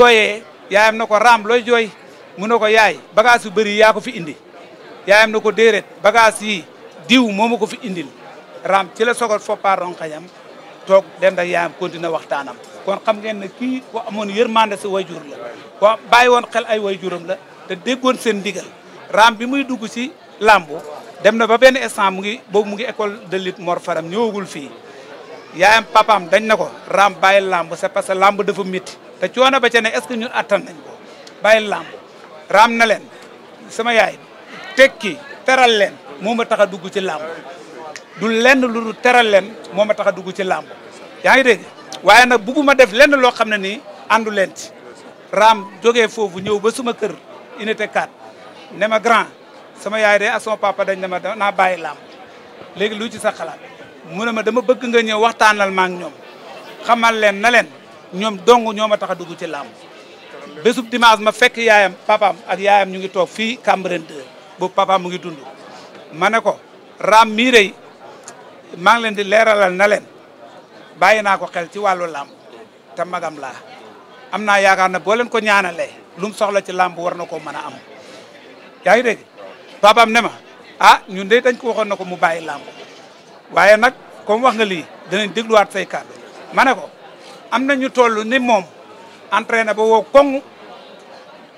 jooyee yaayam na ko raam looy jooy mu ne ko yaay bagage yu bëri yaa ko fi indi yaayam na ko déeréet bagage yi diw moomu ko fi indil raam ci la sogal foppa ronkañam toog den ak yaayam continué waxtaanam kon xam ngeen ne kii ko amoon yërmande si wayjur la ko bàyyi woon xel ay wayjuram la te déggoon seen ndigal raam bi muy dugg si lambu dem na ba benn instant mu ngi boobu mu ngi école de lutte Mor Faram ñëwagul fii yaayam papaam dañ na ko raam bàyyi lamb c'est parce que lamb dafa métti te coono ba ca ne est-ce que ñun attan nañ ko làmb raam na leen sama yaay tekki teral leen moo ma tax a dugg ci làmb du lenn lu dul teral leen moo ma tax a dugg ci làmb yaa ngi dégg waaye nag bugguma def lenn loo xam ne nii àndu leen ci raam jógee foofu ñëw ba suma kër unité 4 ne ma grand sama yaay de ak papa dañ ne ma naa bàyyi làmb léegi lu ci sa xalaat mu ne ma dama bëgg nga ñëw waxtaanal ma ak ñoom xamal leen na leen ñoom dong ñoo ma tax a dugg ci làmb bésub dimanche ma fekk yaayam papaam ak yaayam ñu ngi toog fii Cambérène 2 boobu papaam mu ngi dundu ma ne ko raam mii rëy maa ngi leen di leeralal na leen bàyyi naa ko xel ci wàllu làmb te magam la am naa yaakaar ne boo leen ko ñaanalee lu mu soxla ci làmb war na ko mën a am yaa ngi dégg papaam ne ma a ah, ñun de dañ ko waxoon na ko mu bàyyi làmb waaye nag kom wax nga lii danañ dégluwaat say kàddu ma ne ko am na ñu toll ni moom entraîné ba woo koŋ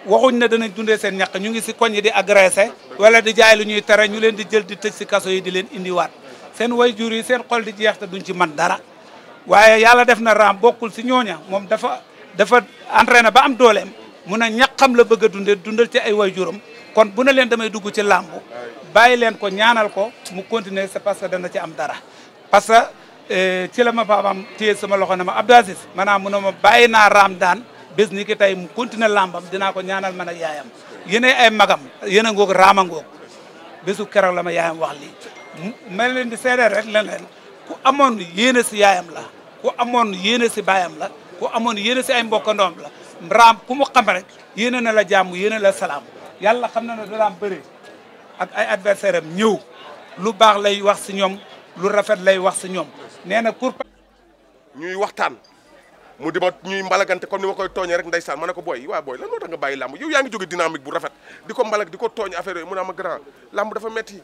waxuñ ne danañ dundee seen ñaq ñu ngi si koñ yi di agressé wala di jaay lu ñuy tere ñu leen di jël di tëj si kaso yi di leen indiwaat seen wayjur yi seen xol di jeex te duñ ci man dara waaye yàlla def na raam bokkul si ñooña moom dafa dafa na ba am dooleem mun a ñaqam la bëgga dundee dundal ci ay wayjuram kon bu na leen damay dugg ci làmb bàyyi leen ko ñaanal ko mu continuer c'est parce que dana ci am dara Eh, ci la ma papaam téye sama loxo ne ma Abdou Aziz maanaam ma bàyyi naa raam daan bés ni tey mu continuer lambam dinaa ko ñaanal ma ak yaayam yéenay ay magam yéen a ngoog raama ngoog bésu keroog la ma yaayam wax lii ma leen di seedeel rek leen ku amoon yéene si yaayam la ku amoon yéene si baayam la ku amoon yéene si ay mbokkandoom la raam ku mu xam rek yéene na la jàmm yéene la salaam yàlla xam na ne dalaam bëri ak ay adversaire am ñëw lu baax lay wax si ñoom lu rafet lay wax si ñoom nee na pour. ñuy waxtaan mu di ma ñuy mbalagante comme ni ma koy tooñee rek ndeysaan ma ne ko booy waa booy la moo tax nga bàyyi làmb yow yaa ngi jóge dynamique bu rafet di ko mbalag di ko tooñ affaire yooyu mu ne ma grand làmb dafa metti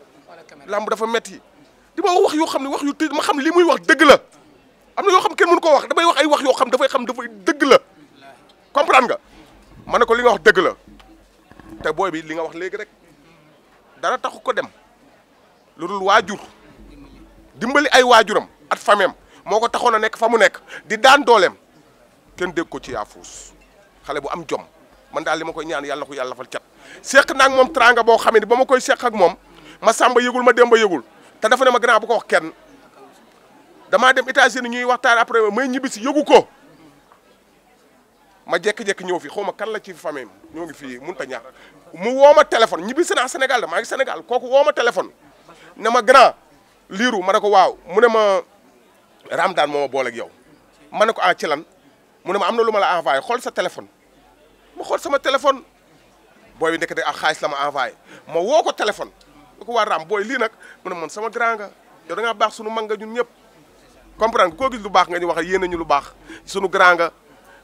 làmb dafa metti di ma wax yoo xam ne wax yu tëj ma xam li muy wax dëgg la am na yoo xam kenn mënu koo wax damay wax ay wax yoo xam dafay xam dafay dëgg la comprendre nga ma ne ko li nga wax dëgg la te booy bi li nga wax léegi rek dara taxu ko dem lu dul waajur dimbali ay waajuram at famem moo ko taxoon a nekk famu mu nekk di daan dooleem kenn dégg ko ci yaafuus xale bu am jom man daal li ma koy ñaan yàlla na ko yàlla fal cat seq naag moom tranga boo xamee ni ba ma koy seq ak moom ma sàmba yëgul ma demba yëgul te dafa ne ma grand bu ko wax kenn damaa dem États-Unis ñuy waxtaan après may ñibbi si yëgu ko ma jékki-jékki ñëw fi xaw ma kan la ci famille ñoo fi fii mënut a mu woo ma téléphone ñibbi si naa Sénégal de maa ngi kooku woo ma téléphone ne ma grand Ramdaan moo ma booleeg yow ma ne ko ah ci lan mu ne ma am na lu ma la envoyé xool sa téléphone ma xool sama téléphone booy bi nekk de ak ah, xaalis la ma envoyé ma woo ko téléphone lu ko war raam lii nag mu ne man sama grand da ngaa baax sunu mag nga ñun ñëpp comprendre koo gis lu baax nga ñu wax yéen ñu lu baax sunu grand nga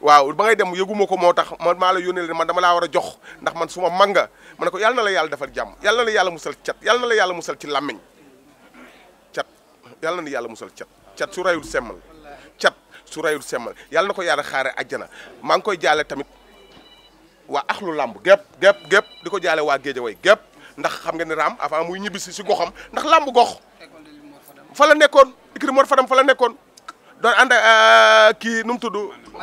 waaw ba ngay dem yëguma ko moo tax man maa la yónnee man dama laa war a jox ndax man suma mag nga ma ne ko yàlla na la yàlla defal jàmm yàlla na la yàlla musal cat yàlla na la yàlla musal ci làmmiñ yàlla na la yàlla musal cat cat su rayul semmal cat su rayul semmal yàlla na ko yàlla xaare àjjana maa ngi koy jaale tamit waa axlu làmb gépp gépp gépp di ko jaale waa géejawaay gépp ndax xam nga ni raam avant muy ñibbisi si goxam ndax làmb gox fa nekkoon ikri mor fadam fa nekkoon doon ànd euh, kii nu mu tudd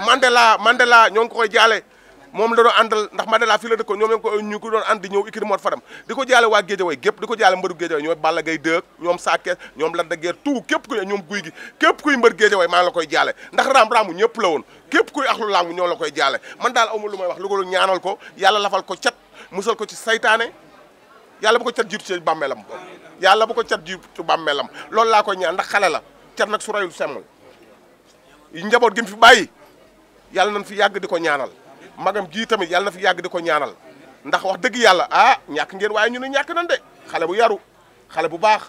Mandela Mandela ñoo ngi koy jaale moom la doon àndal ndax Mandela fii la dëkkoon ñoom ko ñu ko doon ànd di ñëw ikiri moot faram di ko jaale waa Géejawaay gépp di ko jaale mbëru Géejawaay ñoom Balla Gaye dëkk ñoom Sakké ñoom Lac de Guiers tout képp kuy ñoom guy gi képp kuy mbër Géejawaay maa la koy jaale ndax raam-raamu ñëpp la woon képp kuy axlu laamu ñoo la koy jaale man daal amul lu may wax lu ko ñaanal ko yàlla lafal ko cat musal ko ci saytaane yàlla bu ko cat jiitu ci bàmmeelam yàlla bu ko cat jiitu ci bàmmeelam loolu laa koy ñaan ndax xale la cat nag su rayul semmul njaboot gi mu fi bàyyi yàlla nañ fi yàgg di ko ñaanal magam ji tamit yàlla na fi yàgg di ko ñaanal ndax wax dëgg yàlla ah ñàkk ngeen waaye ñu ne ñàkk nan de xale bu yaru xale bu baax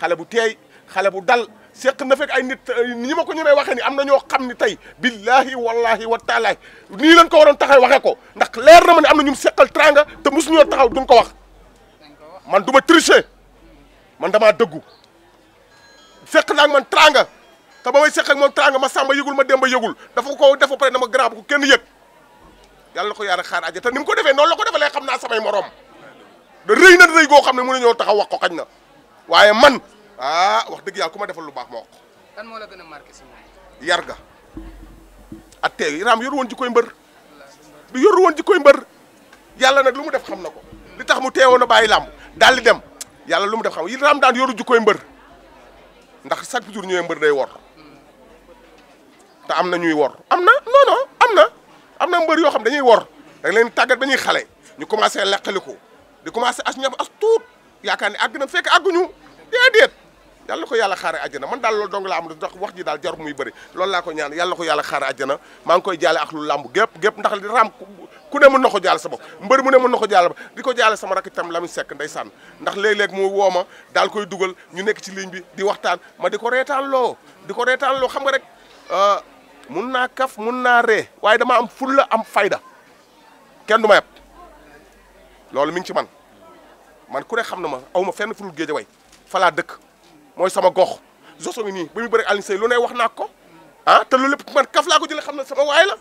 xale bu teey xale bu dal seq na fekk ay nit ñi ma ko ñemee waxee ni am na ñoo xam ni tey billahi wallahi wa taalaay nii lañ ko waroon taxay waxee ko ndax leer na ma ne am na ñu seqal tranga te mosuñoo taxaw duñ ko wax man du ma tricher man damaa dëggu seq naa man tranga te ba may seq ak ma sàmba yëgul ma dem ba yëgul dafa ko dafa na ma grand ko kenn yëg yàlla ko ko a xaar àjjana te ni mu ko defee noonu la ko defalee xam naa samay morom da rëy na rëy goo xam ne mën nañoo taxaw wax ko xañ na waaye man ah wax dëgg yàlla ku ma defal lu baax ma wax moo a marqué si moom. yar ga ak tey Iram yor woon ji koy mbër du yor woon ji mbër yàlla nag lu mu def xam na ko li tax mu teewoon a bàyyi làmb daal di dem yàlla lu mu def xam Iram daan yoru ji koy mbër ndax chaque jour ñëwee mbër day wor te am na ñuy wor am na non am na. am na mbër yoo xam dañuy wor da leen tàggat ba ñuy xale ñu commencé ko di commencé as ñam as tuut yaakaar ne àgg na fekk àgguñu déedéet yàlla ko yàlla xaar àjjana man daal loolu dong laa am ndax wax ji daal jar muy bëri laa ko ñaan yàlla ko yàlla xaare àjjana maa ngi koy jaale ak lu làmb gépp gépp ndax li raam ku ne mën na ko jaale sa bopp mbëri mu ne mën na ko jaale ba di ko jaale sama rakk itam Lamine sekk ndeysaan ndax léeg-léeg mu woo ma daal koy dugal ñu nekk ci ligne bi di waxtaan ma di ko reetaan loo di ko reetaan loo xam nga rek euh, mun naa kaf mun naa ree waaye dama am fulla am fayda kenn du ma yab loolu mi ngi ci man man ku ne xam na ma aw ma fenn furul way falaa dëkk mooy sama gox zoso nii ba muy bëri Alioune Seye lu ne wax naa ko ah te lu lépp man kaf laa ko jëlee xam na sama waay la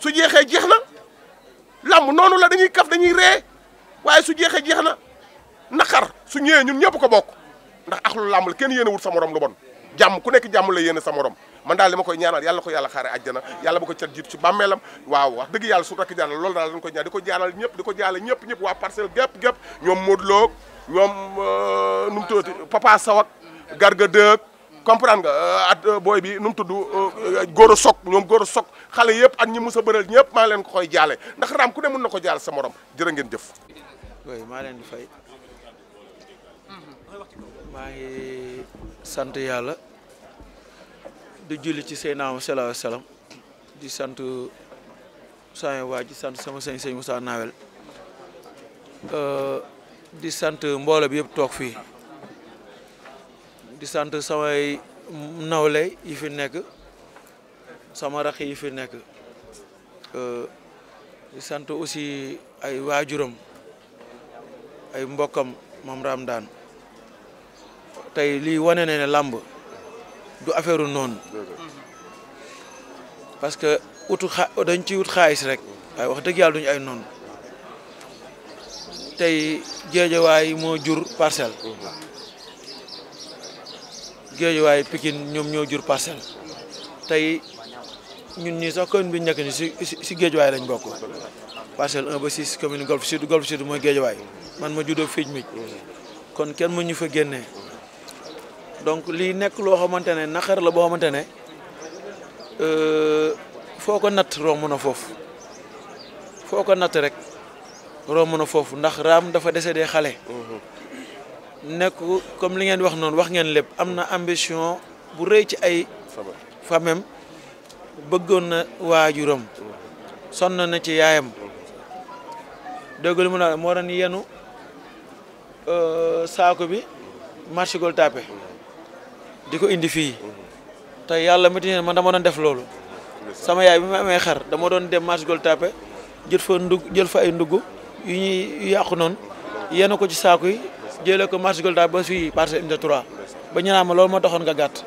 su jeexee jeex na làmb noonu la dañuy kaf dañuy ree waaye su jeexee jeex na naqar su ñëwee ñun ñëpp ko bokk ndax axlu làmb kenn yéene wut sa morom lu bon jàmm ku nekk jàmm la yéene sa morom man daal li ma koy ñaanal yàlla ko yàlla xaare àjjana yàlla bu ko cat jiitu ci bàmmeelam waaw wax dëgg yàlla su rakk jaanal loolu daal dañ koy ñaan di ko jaanal ñëpp di ko jaanal ñëpp ñëpp waa parcelle gépp ñoom Modou ñoom euh, nu mu tuddati Papa Sow Garga Deug comprendre nga euh, euh, booy bi nu mu tudd góor a ñoom góor sok xale yëpp at ñi mos a bëral ñëpp maa leen ko koy jaale ndax raam ku ne mun na ko jaal sa morom jërë ngeen jëf. oui maa leen di fay maa ngi sant yàlla. di julli ci Seydina Muhammad sallallahu alayhi di sant saa waa ji sant sama sëñ sëñ Moussa Nawel euh, di sant mbooloo bi yëpp toog fii di sant samay nawle yi fi nekk sama rax yi fi nekk euh, di sant aussi ay waajuram ay mbokkam moom daan tey lii wane na ne làmb du affaire noonu parce que utu xa dañ ciy wut xaalis rek waaye wax dëgg yàlla duñu ay noonu tey géejawaay moo jur parcelle géejawaay Pikine ñoom ñoo jur parcelle tey ñun ñii sax commune bi ñu nekk ni si si géejawaay lañ bokk parcelle 1 ba 6 commune Golf Sud Golf Sud mooy géejawaay man ma juddoo fii mi kon kenn mu ñu fa génne donc lii nekk loo xamante ne naqar la boo xamante ne euh, foo ko natt romb na foofu foo natt rek romb na foofu ndax Raam dafa décédé xale. Mm-hmm. nekk comme li ngeen wax noon wax ngeen lépp am na ambition bu rëy ci ay. famem bëggoon na waajuram. Mm-hmm. sonn na ci yaayam. Mm-hmm. dégg lu mu moo doon yenu euh, saako bi marché Gueule di ko indi fii te yàlla métti neen man dama doon def loolu sama yaay bi ma amee xar dama doon dem marché Gueule Tapée jël fa ndug jël fa ay ndugg yu ñuy yàqu noonu yenn ko ci saaku yi jëlee ko marché Gueule Tapée ba fii parcelle unité 3 ba ñu ma loolu ma doxoon nga gàtt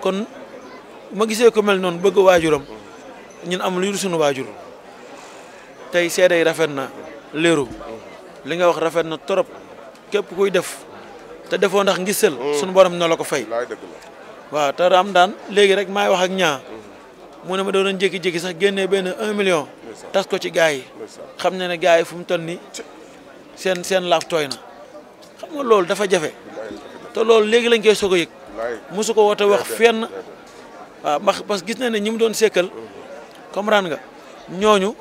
kon ma gisee ko mel noon bëgg waajuram ñun am lu suñu waajur tey seede yi rafet na léeru li nga wax rafet na trop képp kuy def te defoo ndax ngisal mm. suñu borom na la ko fay waaw te am daan léegi rek maay wax ak ñaa mm-hmm. mu ne ma doon jékki-jékki sax génnee benn un million tas ko ci gars yi xam ne ne gars yi fu mu toll ni seen seen laaf tooy na xam nga loolu dafa jafe te loolu léegi lañ koy soog a yëg mosu ko woote wax fenn waaw ndax parce gis na ne ñi mu doon sekkal mm-hmm. comprendre nga ñooñu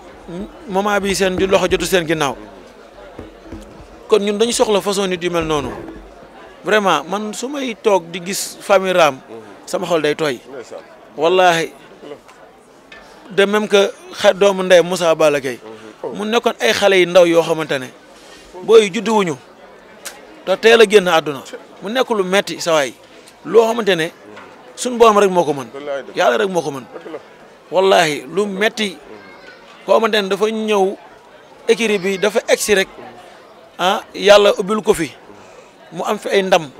moment bi seen loxo jotu seen ginnaaw mm-hmm. kon ñun dañu soxla façon nit yu mel noonu vraiment man su may toog di gis famille Ram sama xol day tooy wallaahi de même que xa doomu ndey Moussa Balla Gaye mhm. mu nekkoon ay xale yu ndaw yoo xamante ne booy judduwuñu te teel a génn àdduna mu nekk lu metti sa waay loo xamante ne suñ borom rek moo ko mën yàlla rek moo ko mën wallaahi lu metti koo xamante dafa ñëw écurie bi dafa egsi rek ah yàlla ubbil ko fi mu am fi ay ndam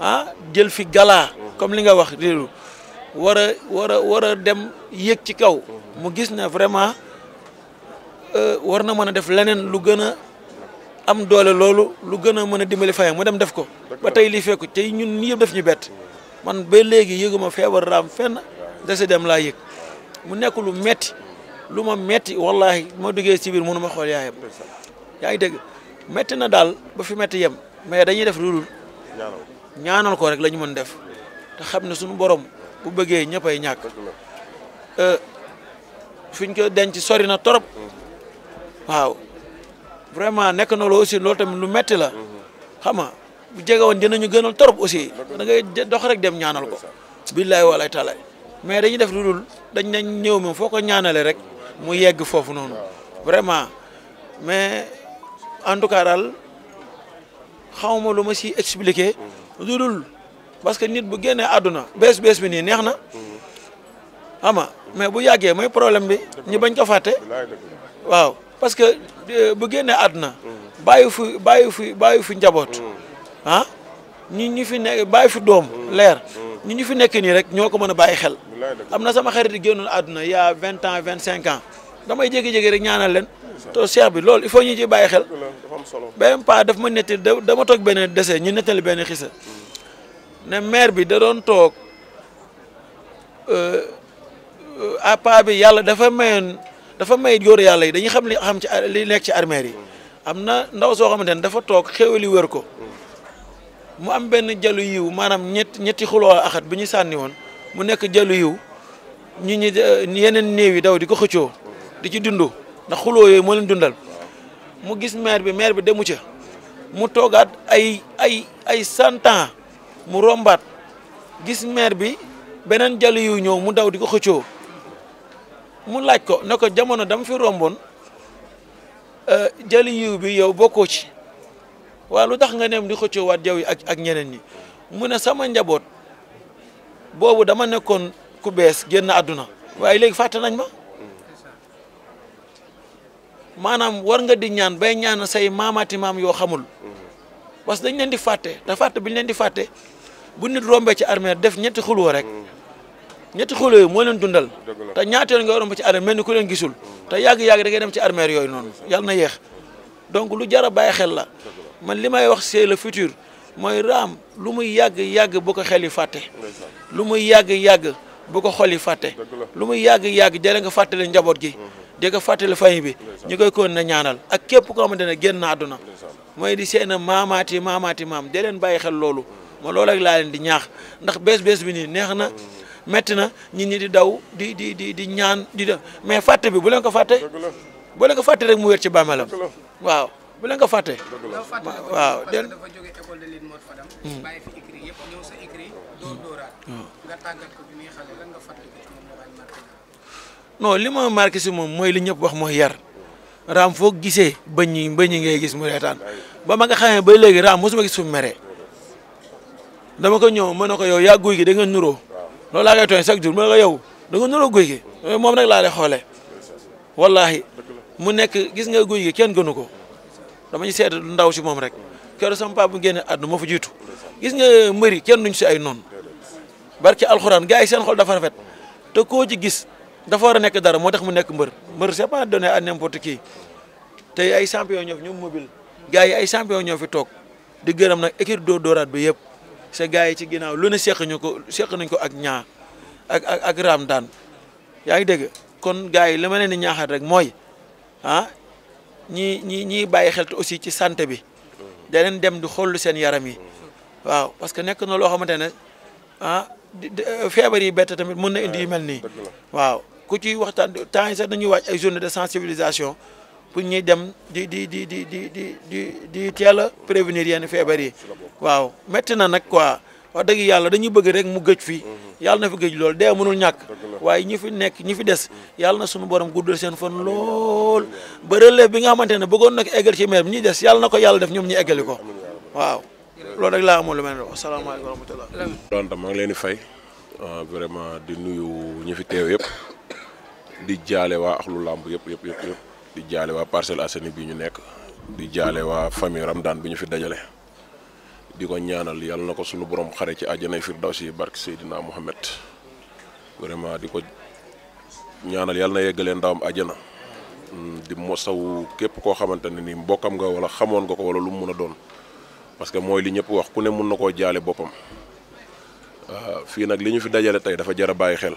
ah, jël fi gala comme li nga wax réeru war a war a war a dem yéeg ci kaw mu gis ne vraiment euh, war na mën a def leneen lu gën a am doole loolu lu gën a mën a dimbali fayam mu dem def ko ba tey lii fekku tey ñun ñi yëpp def ñu bett man ba léegi yëguma feebar raam fenn dese dem laa yëg mu nekk lu metti lu ma metti wallahi ma duggee ci biir mënu ma xool yaayam yaa ngi dégg metti na daal ba fi metti yem mais dañuy def lu dul ñaanal ko rek lañu ñu mën def xam ne suñu borom bu bëggee ñëppay ñàkk euh, fiñ ko denc sori na torop mhm. waaw vraiment nekk na loo aussi loolu tamit lu metti la mhm. xam nga bu jege woon dinañu gënal torop aussi da ngay dox rek dem ñaanal ko billaay walaay taala mais dañuy def lu dul dañ nañ ñëw ma foo ko ñaanale rek mu yegg foofu noonu vraiment mais en tout cas daal ma lu ma si expliqué lu dul parce que nit bu génnee àdduna bees bees bi nii neex na xam mais bu yàggee mooy problème bi ñi bañ ko fàtte waaw parce que euh, bu génnee àdduna bàyyi fu bàyyi fu bàyyi fu njaboot ah ñi ñu fi nekk bàyyi fu doom leer ñi ñu fi nekk nii rek ñoo ko mën a bàyyi xel am na sama xarit yi génnoon àdduna il vingt ans vingt cinq ans damay jékki-jékki rek ñaanal leen to cheikh bi loolu il faut ñu ci bàyyi xel benn pas dafa ma netti dama toog benn dese ñu nettali benn xisa hmm. ne maire bi da doon toog euh, euh, à pas bi yàlla dafa mayoon dafa may joor yàlla yi dañuy xam li xam ci li nekk ci armeer yi hmm. am na ndaw soo xamante ne dafa toog xéwali wër ko hmm. mu am benn jalu yiw maanaam ñett ñetti xuloo axat bi ñu sànni woon mu nekk jàllu yiw ñu ñi euh, yeneen néew yi daw di ko xëccoo di ci dund ndax xuloo yooyu moo leen dundal mu gis maire bi maire bi demu ca mu toogaat ay ay ay cent mu rombaat gis maire bi beneen jàll yu ñëw mu daw di ko xëccoo mu laaj ko ne ko jamono dama fi romboon eh, jali yiw bi yow bokkoo ci waaw lu tax nga neem di xëccoowaat jaw yi ak ak ñeneen yi mu ne sama njaboot boobu dama nekkoon ku bees genn àdduna waaye léegi fàtte nañ ma maanaam war nga di ñaan bay ñaan say maamaati maam yoo xamul mm-hmm. parce que dañ leen di fàtte te fàtte bi ñu leen di fàtte bu nit rombee ci armée def ñetti xul woo rek mm-hmm. ñetti xuloo yi moo leen dundal te ñaata yoon nga romb ci armée mel ni ku leen gisul mm-hmm. te yàgg-yàgg da dem ci armée yooy noonu yàlla na yéex donc lu jar a bàyyi xel la man li may wax c'est le futur mooy raam lu muy yàgg-yàgg bu ko xel yi fàtte lu muy yàgg-yàgg bu ko xol yi fàtte lu muy yàgg-yàgg jëre nga fàttali njaboot gi di fàttali fay bi ñu koy koon na ñaanal ak képp koo xamante ne génn na àdduna mooy di seen maamaati maamaati maam di leen bàyyi xel loolu ma loolu ak laa leen di ñaax ndax bees bees bi nii neex na metti na nit ñi di daw di di di di ñaan di def mais fàtte bi bu leen ko fàtte bu leen ko fàtte rek mu wér ci bàmmeelam waaw bu leen ko fàtte waaw den hmm. hmm. Hmm. nga tàggat ko bi muy xale lan non li ma marqué moom mooy li ñëpp wax mooy yar raam foo gisee bañ ñi bañ ñi ngay gis mu reetaan ba ma nga xamee ba léegi raam mosuma gis fu mu dama ko ñëw mën na ko yow yaa guy gi da nuroo loolu laa koy tooñ chaque jour mën na ko yow da nga nuroo guy gi moom nag laa lay xoolee wallahi mu nekk gis nga guy gi kenn gënu ko dama ñu seet lu ndaw si moom rek keroog sama papa bu génne àdduna moo fa jiitu gis nga mbëri kenn nuñ si ay noonu barki alxuraan gars yi seen xol dafa rafet te koo ci gis. dafa war a nekk dara moo tax mu nekk mbër mbër c'est pas donné à n'importe qui tey ay champion ñoo fi ñoom mobile gars yi ay champion ñoo fi toog di gërëm nag équipe doo bi yëpp gars yi ci ginnaaw lu ne seq ñu ko seq nañ ko ak ñaa ak ak ak raam yaa ngi dégg kon gars yi li ma leen di ñaaxaat rek mooy ah ñi ñi ñiy bàyyi xel aussi ci santé bi da dem di xool seen yaram yi waaw parce que nekk na loo xamante ne ah feebar yi bett tamit mën na indi yu mel nii waaw ku ci waxtaan temps yi sax dañuy waaj ay journée de sensibilisation pour ñuy dem di di di di di di di teel a prévenir yenn feebar yi waaw métti na nag quoi wax dëgg yàlla dañuy bëgg rek mu gëj fii mhm. yàlla na fi gëj lool dee mënul ñàkk waaye ñi fi nekk ñi fi des mhm. yàlla na suñu borom guddal seen fan lool ba relève bi nga xamante ne bëggoon na ko eggal ci maire bi ñuy des yàlla na ko yàlla def ñoom ñu eggali ko waaw loolu rek laa amoon lu mel ne asalaamaaleykum wa rahmatulah. maa ngi leen di fay ah, vraiment di nuyu ñi fi teew yëpp. di jaale waa axlu làmb yëpp yëpp di jaale waa Parcelles Assainies bi ñu nekk di jaale waa famille Ramdaan bi ñu fi dajale di ko ñaanal yàlla na ko suñu borom xare ci àjjanay firdawsi barke Seydina Mohamed vraiment di ko ñaanal yàlla na yeggalee ndawam àjjana mm, di mosawu képp koo xamante ne ni mbokkam nga wala xamoon nga ko wala lu mu mun a doon parce que mooy li ñëpp wax ku ne mun na koo jaale boppam ah, fii nag li ñu fi dajale tey dafa jar a bàyyi xel.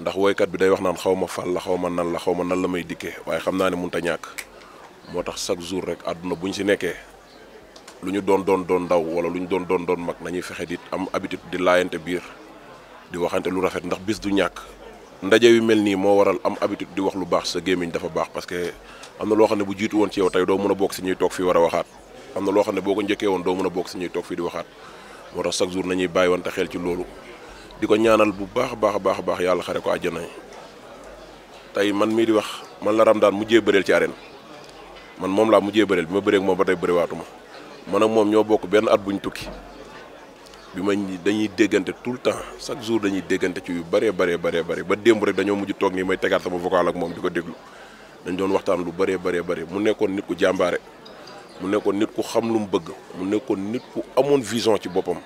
ndax woykat bi day wax naan xaw ma fal la xaw ma nan la xaw ma nan la may dikkee waaye xam naa ne mënut a ñàkk moo tax chaque jour rek àdduna bu ñu si nekkee lu ñu doon doon doon ndaw wala lu ñu doon doon doon mag nañuy fexe di am habitude di laayante biir di waxante lu rafet ndax bis du ñàkk ndaje yu mel nii moo waral am habitude di wax lu baax sa gémmiñ dafa baax parce am na loo xam ne bu jiitu woon ci yow tey doo mën a bokk si ñuy toog fii war a waxaat am na loo xam ne boo woon doo mën a bokk si ñuy fii di waxaat moo tax jour nañuy bàyyi wante xel ci loolu di ko ñaanal bu baax baax baax baax yàlla xare ko nañ tey man mii di wax man la Ramdaan mujje bëreel ci arène man moom laa mujje bëreel bi ma bëree moom ba tey bëriwaatuma man ak moom ñoo bokk benn at buñ tukki bi ma dañuy déggante tout le temps chaque jour dañuy déggante ci yu bëree bare bëree bëri ba démb rek dañoo mujj toog nii may tegaat sama vocal ak moom di ko déglu dañ doon waxtaan lu bëree bëree bëri mu nekkoon nit ku jàmbaare mu nekkoon nit ku xam lu mu bëgg mu nekkoon nit ku amoon vision ci boppam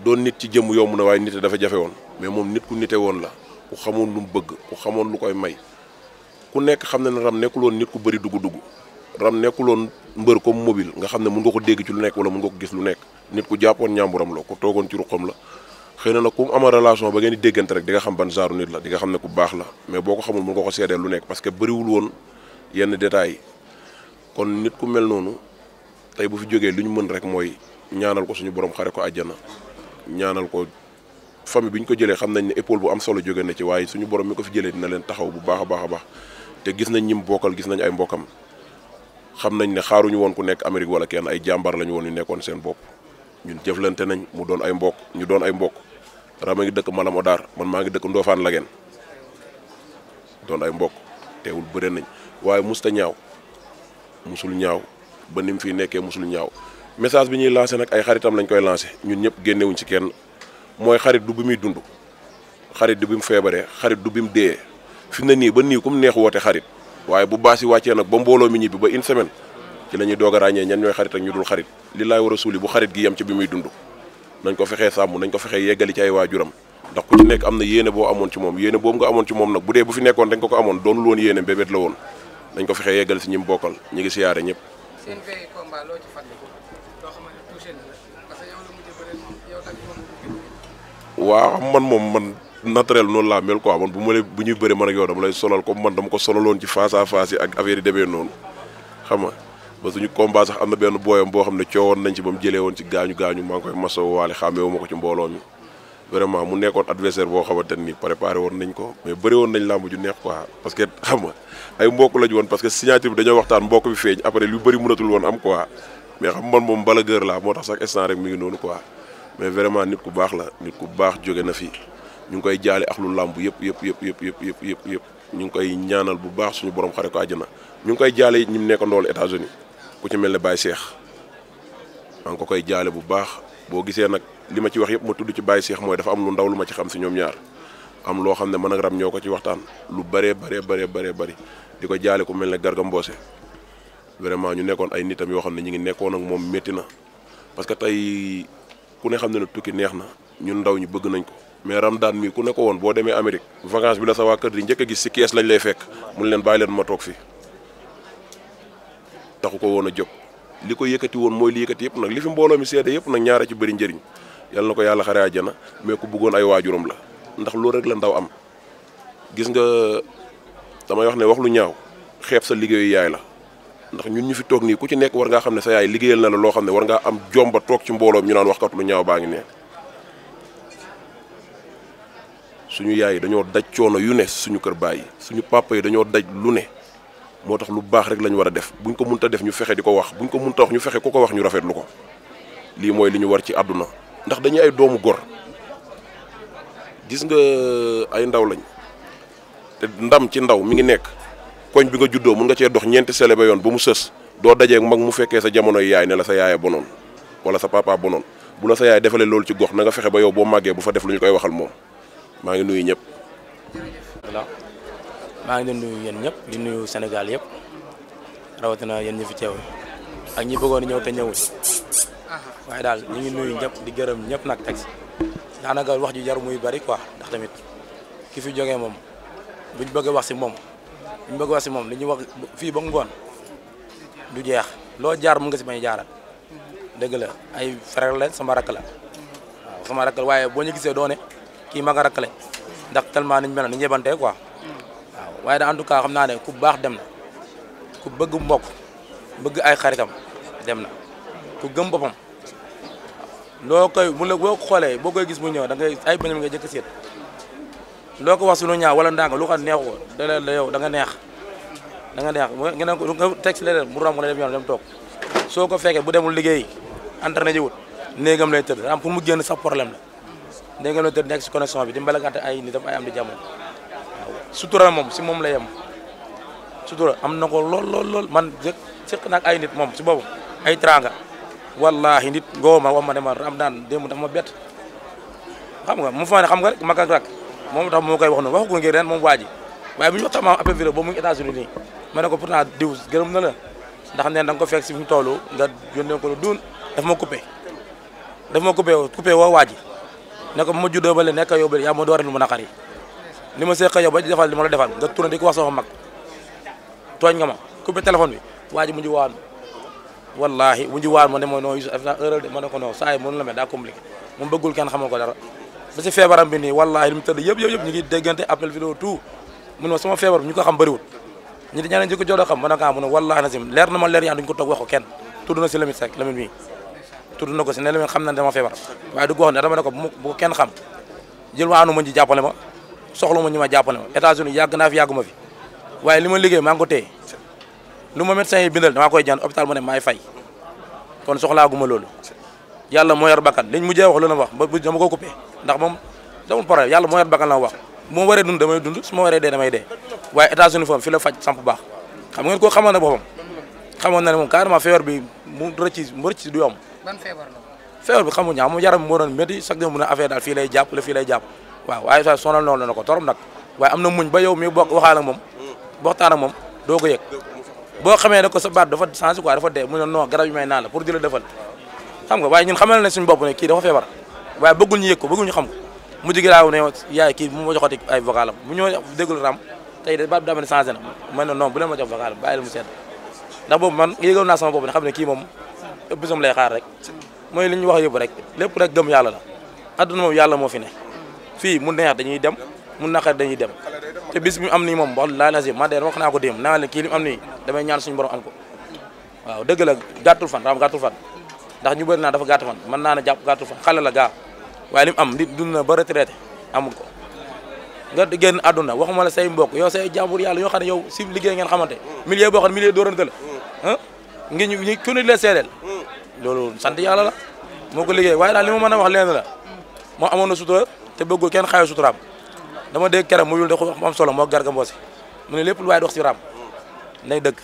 doon nit ci jëmm yomb na waaye nit dafa jafe woon mais moom nit ku nite woon la ku xamoon lu mu bëgg ku xamoon lu koy may ku nekk xam ne na ne ram nekkuloon nit ku bëri dugg-dugg ram nekkuloon mbër comme mobile nga xam ne mun nga ko dégg ci lu nekk wala mun nga ko gis lu nekk nit ku jàppoon ñàmburam la ku toogoon ci ruqam la xëy na nag ku mu ama relation ba ngeen di déggante rek di nga xam ban genre nit la di nga xam ne ku baax la mais boo ko xamul mun nga ko seedeel lu nekk parce que bëriwul woon yenn détails yi kon nit ku mel noonu tey bu fi jógee lu ñu mën rek mooy ñaanal ko suñu borom xare ko àjjana ñaanal ko famille bi ñu ko jëlee xam nañ ne épaule bu am solo jóge na ci waaye suñu borom mi ko fi jëlee dina leen taxaw bu baax a baax a baax te gis nañ ñim bokkal gis nañ ay mbokkam xam nañ ne xaaruñu woon ku nekk Amérique wala kenn ay jàmbaar lañu woon yu nekkoon seen bopp ñun jëflante nañ mu doon ay mbokk ñu doon ay mbokk Rama ngi dëkk Malam Odar man maa ngi dëkk Ndofane Lageen doon ay mbokk teewul bëre nañ waaye musta ñaaw musul ñaaw ba ni mu fi nekkee musul ñaaw message bi ñuy lancé nag ay xaritam lañ koy lancé ñun ñëpp génnewuñ ci kenn mooy xarit du bi muy dund xarit du bi mu feebaree xarit du bi mu dee fi mu ne nii ba nii ku mu neex woote xarit waaye bu baas yi wàccee nag ba mbooloo mi ñibbi ba une semaine ci la ñuy doog a ràññee ñan ñooy xarit ak ñu dul xarit li laay war a suuli bu xarit gi yem ci bi muy dund nañ ko fexee sàmm nañ ko fexee yeggali ci ay waajuram ndax ku ci nekk am na yéene boo amoon ci moom yéene boobu nga amoon ci moom nag bu dee bu fi nekkoon dañ ko ko amoon doonul woon yéene mbébét la woon ko fexee yeggali si ñi mu bokkal ñu ngi siyaare ñëpp waaw xam man moom man naturel noonu laa mel quoi man bu ma lay bu ñuy bëri man ak yow dama lay solal comme man dama ko solaloon ci face à face yi ak affaire yi demee noonu xam nga ba suñu combat sax am na benn booyam boo xam ne coowoon nañ ci ba mu jëlee woon ci gaañu gaañu maa ngi koy masoo waale xàmmee ma ko ci mbooloo mi vraiment mu nekkoon adversaire boo xamante ni préparé woon nañ ko mais bëri woon nañ làmb ju neex quoi parce que xam ay mbokk lañ woon parce que signature bi waxtaan mbokk bi feeñ après bëri mënatul woon am quoi mais xam man moom bala gër laa moo tax chaque instant rek mi ngi noonu quoi mais vraiment nit ku baax la nit ku baax jóge na fi ñu ngi koy jaale ak lu làmb yëpp yëpp yëpp yëpp yëpp yëpp yëpp yëpp ñu ngi koy ñaanal bu baax suñu borom xare ko na ñu ngi koy jaale ñi mu nekkoon loolu États-Unis ku ci mel ne Baye seex maa ko koy jaale bu baax boo gisee nag li ma ci wax yëpp ma tudd ci Baye Cheikh mooy dafa am lu ndaw lu ma ci xam si ñoom ñaar am loo xam ne man ak ko ci waxtaan lu bëree bëree bëree bëree bëri di ko jaale ku mel ne Garga Mbossé vraiment ñu nekkoon ay nitam yoo xam ne ñu ngi nekkoon ak moom métti na parce que tey ku ne xam ne ne tukki neex na ñun ndaw ñi bëgg nañ ko mais Ramadane mii ku ne ko woon boo demee Amérique vacance bi la sa waa kër di njëkk a gis si kees lañ lay fekk mun leen baay leen ma toog fii taxu ko woon a jóg li ko yëkkati woon mooy li yëkkati yëpp nag li fi mbooloo mi seede yëpp nag ñaara ci bëri njëriñ yal na ko yàlla xare àjjana mais ku bëggoon ay waajuram la ndax loolu rek la ndaw am gis nga damay wax ne wax lu ñaaw xeeb sa liggéeyu yaay la ndax ñun ñu fi toog nii ku ci nekk war ngaa xam ne sa yaay liggéeyal na la loo xam ne war ngaa am jomba toog ci mbooloom ñu naan waxkat lu ñaaw baa ngi ne suñu yaay yi dañoo daj coono yu ne suñu kër bàyyi suñu papa yi dañoo daj lu ne moo tax lu baax rek lañu war a def buñ ko munta def ñu fexe di ko wax buñ ko munta wax ñu fexe ku ko wax ñu rafetlu ko lii mooy li ñu war ci àdduna ndax dañuy ay doomu gor gis nga ay ndaw lañ te ndam ci ndaw mi ngi nekk koñ bi nga juddoo mun nga cee dox ñeenti sele ba yoon ba mu sës doo dajee mag mu fekkee sa jamonoy yaay ne la sa yaaya bonoon wala sa papa bonoon bu la sa yaay defalee loolu ci gox na nga fexe ba yow boo màggee bu fa def lu ñu koy waxal moom maa ngi nuyu ñëpp. maa ngi leen nuyu yéen ñëpp di nuyu Sénégal yëpp rawatina yéen ñi fi teew ak ñi bëggoon ñëw te ñëwul waaye daal ñu ngi nuyu ñëpp di gërëm ñëpp nag teg daanaka wax ji jar muy bari quoi ndax tamit ki fi jogee moom buñ bëgg wax si moom ñu bëgg wax si moom li ñuy wax fii ba ngoon du jeex loo jaar mu nga si bañ jaaral dëgg la ay frère lañ sama rakk la waaw sama rakk la waaye boo ñu gisee doone kii ma nga rakk lañ ndax tellement mel ni ñu yebantee quoi waaw waaye da en tout cas xam naa ne ku baax dem na ku bëgg mbok bëgg ay xaritam dem na ku gëm boppam loo koy mu la boo xoolee boo koy gis mu ñëw danga ngay ay bëñam nga jëkk seet loo ko wax sunu ñaaw wala ndànk lu ko neexu ko da la yow da nga neex da nga neex ngeen ko nga teg si leneen mu romb nga dem yoon dem soo ko fekkee bu demul liggéey entraîné ji wut néegam lay tëdd am pour mu génn sax problème la néegam lay tëdd nekk si connexion bi di mbalakante ay nitam ay am di jamono waaw sutura moom si moom la yem sutura am na ko lool lool man jëkk sëq nag ay nit moom si boobu ay tranga wallahi nit ngoo ma wax ma ne ma am daan démb dafa ma bet xam nga mu fa ne xam nga rek rak moom tax moo koy wax noonu waxu ko ngir ren moom waa ji waaye bu ñu waxtaan maam appel vidéo mu ngi ma ne ko pourtant diw gërëm na la ndax neen da nga ko fekk si mu toll nga yónnee ko lu duun daf ma coupé daf ma coupé coupé woo waa ji ne ko ma juddoo ba le nekk yow ba yaa ma doore lu ma naqari li ma seeq yow ba defal li ma la defal nga tourné di ko wax sama mag tooñ nga ma coupé téléphone bi waa ji mu ngi waan wallahi mu ngi waan ma ne ma noo Youssou heure de ma ne ko noo saa yi mënu la mel daa compliqué moom bëggul kenn xamal ko dara ba ci feebaram bi nii wallaahi li mu tëdd yëpp yëpp yëpp ñu ngi déggante appel vidéo tout mun ma sama feebar bi ñu ko xam bëriwul ñi di ñeneen ñi ko jox xam man akaa ah, mun a wallaahi nasim leer na ma leer yaa duñ ko toog wax ko kenn tudd na si Lamine Seck Lamine mii tudd na ko si ne Lamine xam na dama feebar waaye du ko wax ne dama ne ko bu ko ma anu jàppale ma soxla ma ñu ma jàppale ma États-Unis yàgg naa fi yàggu ma fi waaye li ma liggéey maa ngi ko téye lu ma médecin yi bindal dama koy jaan hôpital mu ne maay fay kon soxlaaguma loolu yàlla mooy yor bakkan liñ mujjee wax lu wax ba dama ko coupé ndax moo yor bakkan la wax bu ma waree dund damay dund su ma waree dee damay dee waaye États-Unis foofu fi faj samp baax xam ngeen ko xamoon na boppam xamoon na ne moom carrément feebar bi mu rëcc mu rëcc du yomb ban bi xamuñu ah moom yaram moo doon métti chaque jour mu ne affaire daal fii lay jàpp la fii lay jàpp waaw waaye sa sonal na ko torom nag waaye am na muñ ba yow mi bokk waxaal moom waxtaan ak moom doo ko yëg boo xamee ne ko sa baat dafa changé quoi dafa dee la pour di la defal xam waaye ñun xamal na suñu bopp ne kii dafa feebar waaye bëggul ñu yëg ko bëggul ñu xam ko mujj gi laaw ne yaay kii mu ma joxati ay vocalam mu ñëw déggul ram tey de baab daa mel ne changé na man ne non bu ma jox vocalam bàyyi la mu sedd ndax boobu man yëgoon naa sama bopp ne xam ne kii moom bisam lay xaar rek mooy li ñu wax yëpp rek lépp rek gëm yàlla la adduna moom yàlla moo fi ne fii mu neex dañuy dem mu naqar dañuy dem te bis bi mu am nii moom wax laa lasi man wax naa ko démb naa leen kii li mu am nii damay ko waaw dëgg la gàttul fan raam gàttul fan ndax ñu bëri naa dafa gàtt fan mën naa a jàpp gàttu fan xale gaa waaye lim am nit dund na ba retraité amul ko nga génn àdduna waxuma la say mbokk yow say jàmbur yàlla yoo xam ne yow si liggéey ngeen xamante milieu boo xam ne milieu dóorante la ah ko li ma a wax leen la moo amoon na sutura te bëggul kenn xaayu suturaam dama dégg keram mu yul de wax am solo moo garga mboose mu ne lépp lu waaye dox si raam nay dëgg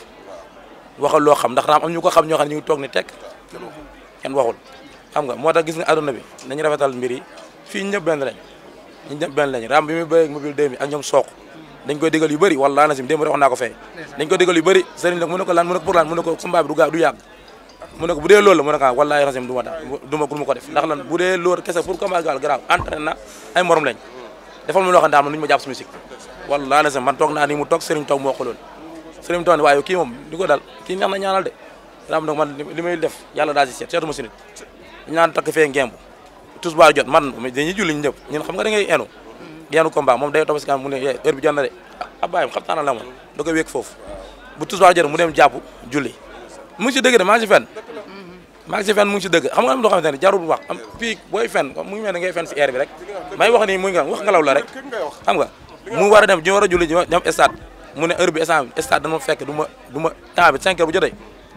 waxal loo xam ndax raam am ñu ko xam ñoo xam ñu toog ni tekk kenn waxul xam nga moo tax gis nga àdduna bi nañu rafetal mbir yi fii ñëpp benn lañ ñu ñëpp benn lañ ram bi muy bëreeg mobile 2000 ak ñoom sooq dañ koy digal yu bëri wala la sim démb rek wax naa ko fee dañ koy digal yu bëri sëriñ ko lan mu ne ko pour lan mu ne ko sumba bi du mu ne ko bu la mu ne ko ah, wallaahi rasim du ma da ko def ndax lan bu dee loolu kese pour combat gaal garaaw entraîné na ay morom lañ defal mu loo xam ne daal man ñu ma jàpp si musique wallaahi rasim man toog naa ni mu toog sëriñ toog moo ko loolu sëriñ toog ne waaye kii moom di ko lamb nag man li may def yàlla daa si seet seetuma si nit ñu naan takk fee ngemb tous baar jot man dañuy julli ñu ñëpp ñun xam nga da ngay enu geenu combat moom day topp si kanam mu ne eh, heure bi jot na de ah, ab bàyyam xam taana la moon da koy wéeg foofu bu tous baar jot mu dem jàpp julli mu ngi si dëgg de maa ngi si fenn maa ngi si fenn mu ngi si dëgg xam nga am loo xamante ne jarul wax am fii booy fenn mu ngi mel ne ngay fenn si air bi rek may wax nii mu ngi wax ngelaw la rek xam nga mu war a dem ñu war a julli dem stade mu ne heure bi stade dama fekk du ma du ma temps bi cinq heures bu jotee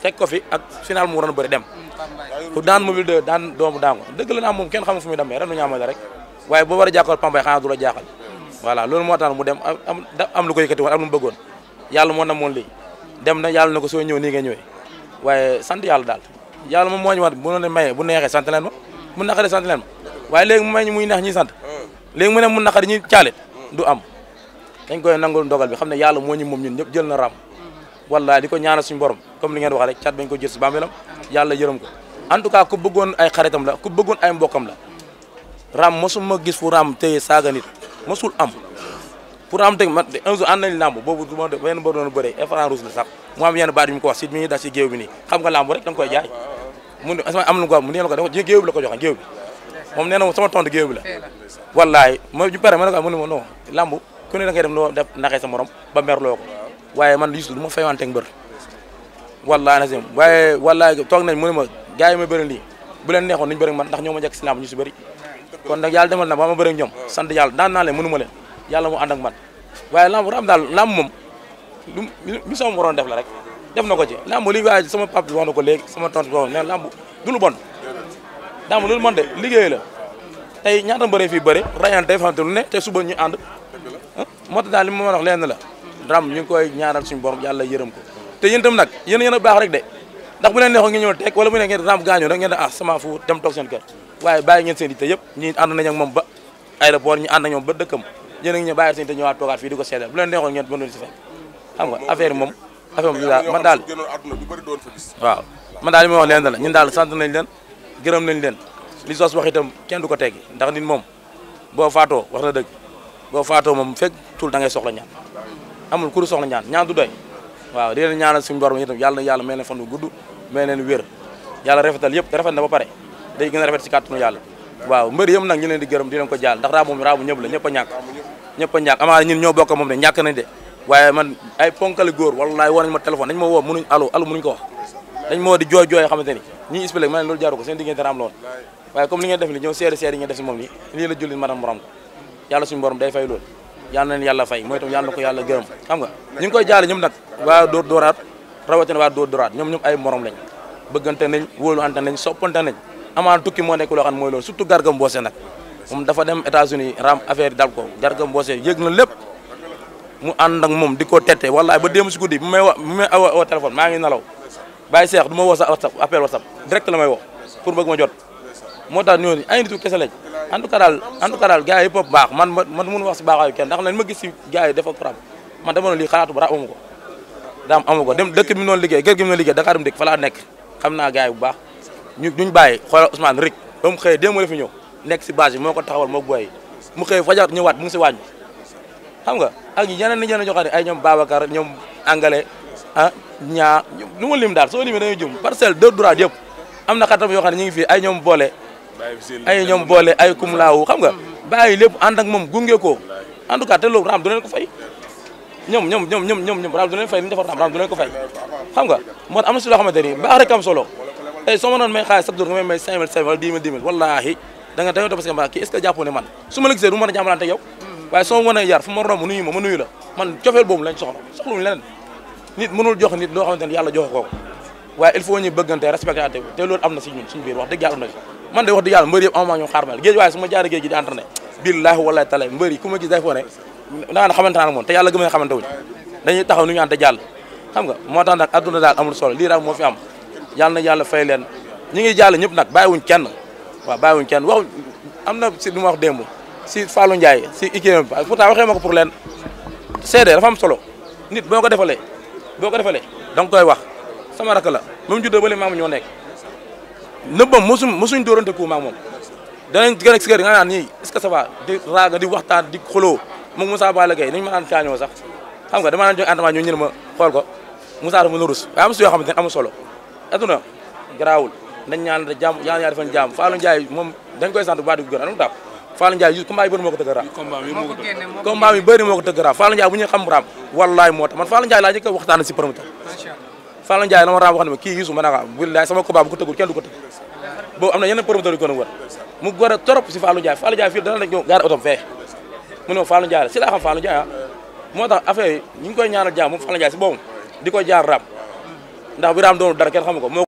fekk ko fi ak final mu waroon bëri dem daan mobile de daan doomu daango dëgg la naa moom kenn xamul fu muy demee ren nu ñaamal rek waaye boo war a jàkkool pambay xanaa du la jaaxal loolu moo tax mu dem am am lu ko yëkkati woon am lu mu moo na moon lii dem na yàlla na ko soo ñëw nii nga ñëwee waaye sant yàlla daal yàlla moom moo ñu wat bu mayee bu neexee sant leen ma mu naqaree sant leen ma waaye léegi mu may ñu muy neex ñuy sant léegi mu ne mu naqari ñuy caalit du am dañ koy nangul ndogal bi xam ne yàlla moo ñu moom ñun ñëpp jël na ram wallaahi di ko ñaanal suñu borom comme li ngeen wax rek cat bañ ko jël si bàmmeelam yàlla yërëm ko en tout cas ku bëggoon ay xaritam la ku bëggoon ay mbokkam la ram mosuma gis fu ram téye saaga nit mosul am pour am teg man un jour ànd nañu làmb boobu du ma benn ba doon bëree effran rouge la sax mu am yenn baat yu mu ko wax si mi dax si mu ne am na lu ko wax mu nee la ko da géew bi la ko joxe géew bi moom nee na sama tontu géew bi la wallaahi ma ñu pare ma ne ko mu ne ma non làmb ku ne da ngay dem noo def naxee sa morom ba merloo ko waaye man Youssou du ma faywanteeg mbër wallaahi nasim waaye wallaahi toog nañ mu ne ma gars yi ma bëri lii bu leen neexoon nañu bëri man ndax ñoo ma jekk si làmb ñu si bëri kon nag yàlla demal na ba ma bëri ñoom sant yàlla daan naa leen mënu ma le yàlla mu ànd ak man waaye làmb raam daal làmb moom lu mi sama waroon def la rek def na ko ci làmb li waaye sama papa wax na ko léegi sama tontu wax ne làmb du bon làmb lu bon de liggéey la tey ñaata mbëree fii bëri rayante fante lu ne te suba ñu ànd moo daal li ma mën a la ram ñu ngi koy ñaanal suñu borom yàlla yërëm ko te yéen itam nag yéen yéen a baax rek de ndax bu leen neexoon ngeen ñëw teg wala bu ne ah, seen kër waaye ñi ànd nañ ak ba aéroport ñi ànd nañ moom ba dëkkam yéen a ngi ñëw bàyyi seen yitte ñëwaat toogaat fii ko seedal bu leen neexoon ngeen mën si fekk xam nga affaire moom affaire moom man daal waaw man daal li ma wax leen la ñun daal sant nañ leen gërëm nañ leen li sos wax moom boo faatoo wax na dëgg boo faatoo amul ku soxla ñaan ñaan du doy waaw di leen ñaanal suñu borom itam yàlla na yàlla may leen fan bu gudd may rafet na ba pare gën a rafet si kàttanu yàlla waaw mbër ñu leen di gërëm di ko jaal ndax raa moom raa bu ñëpp la ñëpp a ñàkk ñëpp moom de ñàkk nañ de waaye man ay ponkali góor wallaay woo nañ ma téléphone dañ ma woo mënuñ alo alo mënuñ ko wax dañ ma woo di jooy jooy xamante moom ni lii la julli madam morom ko yàlla suñu borom day fay loolu yàlla na yàlla fay mooy tam yàlla na ko yàlla gërëm xam nga ñu ngi koy jaale ñoom nag waa dóor dóoraat rawatina waa dóor dóoraat ñoom ñoom ay moroom morom lañ bëggante nañ wóoluante nañ soppante nañ amaan tukki moo nekk loo xam ne mooy loolu surtout Garga Mbossé nag moom dafa dem États-Unis ram affaire yi dal ko Garga Mbossé yëg na lépp mu ànd ak moom di ko tette wallaay ba démb si guddi bu may wa bu may awa téléphone maa ngi nalaw bàyyi seex du ma woo sa WhatsApp appel WhatsApp direct la may woo pour jot moo tax ñooñu ay nitu kese lañ en tout cas daal en tout cas daal gars yi yëpp baax man man mënu wax si baaxaayu kenn ndax lañ ma gis si gars yi dafa rab man dama ne lii xalaatu bara amu ko daam amu ko dem dëkk bi noonu liggéey kër gi noonu liggéey Dakar mu dëkk fa laa nekk xam naa gars yi bu baax ñu duñ bàyyi xoolal Ousmane rek ba mu xëyee démb la fi ñëw nekk si base bi moo ko taxawal moo boy mu xëyee fajar ñëwaat mu ngi si waañ xam nga ak ñi yeneen ni ñeneen ñoo xam ne ay ñoom Babacar ñoom Angale ah ñaa nu ma lim daal soo limee dañuy jum parcelle de droit yëpp am na xatam yoo xam ne ñu ngi fii ay ñoom boole ay ñoom boole ay kum laawu xam nga bàyyi lépp ànd ak moom gunge ko en tout cas te loolu raam du leen ko fay ñoom ñoom ñoom ñoom raam du leen ko fay xam nga moo am na si loo xamante ni baax rek am solo tey soo ma noon may xaalis chaque jour nga ne man su ma la gisee du ma mën a jàmmalante yow waaye soo mën a yar fu ma romb nuyu ma ma nuyu la man cofeel boobu lañ soxla leneen nit mënul jox nit loo xamante ni yàlla joxe kooku waaye il faut ñu bëggante respecté te loolu man de wax dëgg yàlla mbër yëpp amuma ñoom xaarmal géej waaye su ma jaaree géej gi di entraîné billaahi wallaahi taala mbër yi ku ma gis day foo ne da nga xamante naa moom te yàlla gëm na xamante wuñ dañuy taxaw nu ñu ànd jàll xam nga moo tax nag adduna daal amul solo lii daal moo fi am na yàlla fay leen ñi ngi jàll ñëpp nag baay wuñ kenn waaw bàyyiwuñ kenn wax am na si lu ma wax démb si Fallou Ndiaye si ikéem bi taa waxee ma ko pour leen seede dafa am solo nit boo ko defalee boo ko defalee da nga koy wax sama rak la moom juddoo ba léegi maamu ñoo nekk nëbbam mosuñ mosuñ dóorante ko maag moom danañ gën a si kër nga naan ñii di raaga di waxtaan di xoloo moom Moussa Balla Gaye nañ ma naan kaañoo sax xam nga damaa naan jox ma xool ko Moussa dafa mën a rus waaye am su yoo xamante ne amul solo aduna garaawul nañ ñaan da jàmm yàlla yàlla defal jàmm Fallou moom dañ koy sant bu baax di ko gën anu tax Fallou Ndiaye yu moo ko man Fallou Ndiaye laa njëkk a si promoteur Fallou Ndiaye dama raam wax ne ma kii Youssou ma ne ko billaay sama combat bu ko tëggul kenn du ko tëgg am na yeneen promoteur yu ko war mu gore trop si Fallou Ndiaye Fallou Ndiaye fii dana la ñëw gaar otom fee mu ne ma Fallou Ndiaye la si laa xam Fallou Ndiaye ah moo tax affaire yi ñu ngi koy ñaanal jaam moom si boobu di ko jaar raam ndax bi raam doonul dara kenn xamu ko